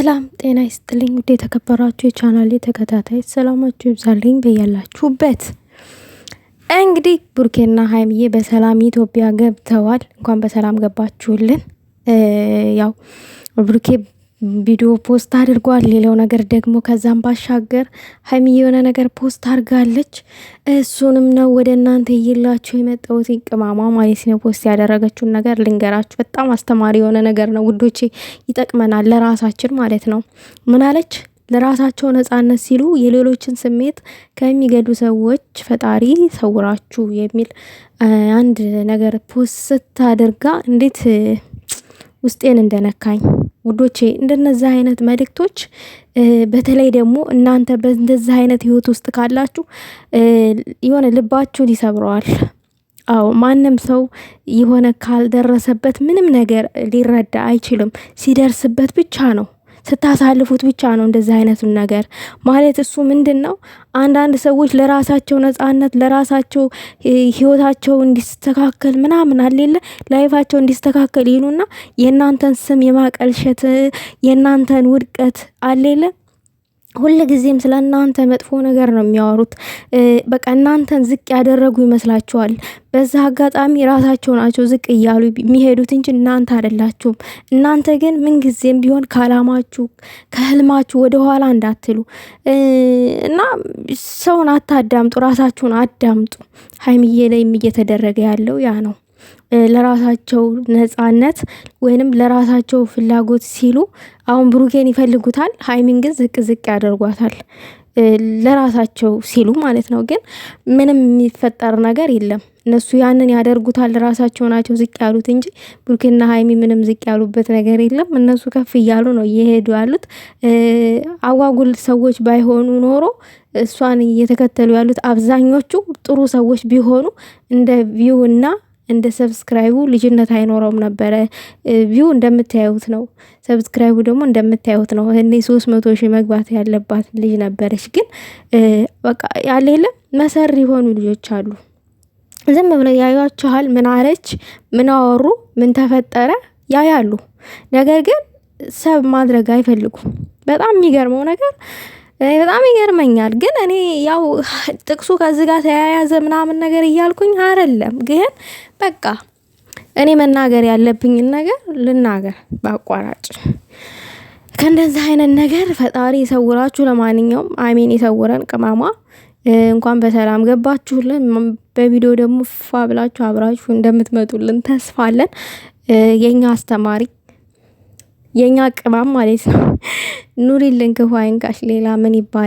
ሰላም ጤና ይስጥልኝ ውድ የተከበራችሁ የቻናል ተከታታይ ሰላማችሁ ይብዛልኝ በያላችሁበት። እንግዲህ ብሩኬና ሀይምዬ በሰላም ኢትዮጵያ ገብተዋል። እንኳን በሰላም ገባችሁልን። ያው ቡርኬ ቪዲዮ ፖስት አድርጓል። ሌላው ነገር ደግሞ ከዛም ባሻገር ሀይሚ የሆነ ነገር ፖስት አድርጋለች። እሱንም ነው ወደ እናንተ እየላችሁ የመጣሁት። ቅማማ ማለት ነው ፖስት ያደረገችውን ነገር ልንገራችሁ። በጣም አስተማሪ የሆነ ነገር ነው ውዶቼ፣ ይጠቅመናል ለራሳችን ማለት ነው። ምን አለች? ለራሳቸው ነጻነት ሲሉ የሌሎችን ስሜት ከሚገዱ ሰዎች ፈጣሪ ሰውራችሁ የሚል አንድ ነገር ፖስት ስታደርጋ እንዴት ውስጤን እንደነካኝ ውዶቼ እንደነዚህ አይነት መልእክቶች በተለይ ደግሞ እናንተ በእንደዚህ አይነት ህይወት ውስጥ ካላችሁ የሆነ ልባችሁን ይሰብረዋል። አዎ ማንም ሰው የሆነ ካልደረሰበት ምንም ነገር ሊረዳ አይችልም። ሲደርስበት ብቻ ነው ስታሳልፉት ብቻ ነው እንደዚህ አይነቱን ነገር ማለት። እሱ ምንድን ነው አንዳንድ ሰዎች ለራሳቸው ነጻነት ለራሳቸው ህይወታቸው እንዲስተካከል ምናምን አሌለ ላይፋቸው እንዲስተካከል ይሉና የእናንተን ስም የማቀልሸት የእናንተን ውድቀት አሌለ ሁል ጊዜም ስለ እናንተ መጥፎ ነገር ነው የሚያወሩት። በቃ እናንተን ዝቅ ያደረጉ ይመስላችኋል። በዛ አጋጣሚ ራሳቸው ናቸው ዝቅ እያሉ የሚሄዱት እንጂ እናንተ አይደላችሁም። እናንተ ግን ምንጊዜም ቢሆን ከአላማችሁ ከህልማችሁ ወደኋላ እንዳትሉ እና ሰውን አታዳምጡ፣ ራሳችሁን አዳምጡ። ሀይሚዬ ላይም እየተደረገ ያለው ያ ነው። ለራሳቸው ነጻነት ወይንም ለራሳቸው ፍላጎት ሲሉ አሁን ብሩኬን ይፈልጉታል፣ ሀይሚን ግን ዝቅ ዝቅ ያደርጓታል። ለራሳቸው ሲሉ ማለት ነው። ግን ምንም የሚፈጠር ነገር የለም። እነሱ ያንን ያደርጉታል። ራሳቸው ናቸው ዝቅ ያሉት እንጂ ብሩኬና ሀይሚ ምንም ዝቅ ያሉበት ነገር የለም። እነሱ ከፍ እያሉ ነው እየሄዱ ያሉት። አጓጉል ሰዎች ባይሆኑ ኖሮ እሷን እየተከተሉ ያሉት አብዛኞቹ ጥሩ ሰዎች ቢሆኑ እንደ ቪው እና እንደ ሰብስክራይቡ ልጅነት አይኖረውም ነበረ። ቪው እንደምታዩት ነው። ሰብስክራይቡ ደግሞ እንደምታዩት ነው። እኔ ሶስት መቶ ሺህ መግባት ያለባት ልጅ ነበረች። ግን በቃ ያለ የለም መሰሪ የሆኑ ልጆች አሉ። ዝም ብለው ያዩዋችኋል። ምን አለች፣ ምን አወሩ፣ ምን ተፈጠረ ያያሉ። ነገር ግን ሰብ ማድረግ አይፈልጉም። በጣም የሚገርመው ነገር በጣም ይገርመኛል። ግን እኔ ያው ጥቅሱ ከዚህ ጋር ተያያዘ ምናምን ነገር እያልኩኝ አይደለም። ግን በቃ እኔ መናገር ያለብኝን ነገር ልናገር በአቋራጭ ከእንደዚህ አይነት ነገር ፈጣሪ ይሰውራችሁ። ለማንኛውም አሜን ይሰውረን። ቅመሟ እንኳን በሰላም ገባችሁልን። በቪዲዮ ደግሞ ፋ ብላችሁ አብራችሁ እንደምትመጡልን ተስፋለን። የኛ አስተማሪ የእኛ ቅመም ማለት ነው። ኑሪልን ክፉ አይንካሽ። ሌላ ምን ይባላል?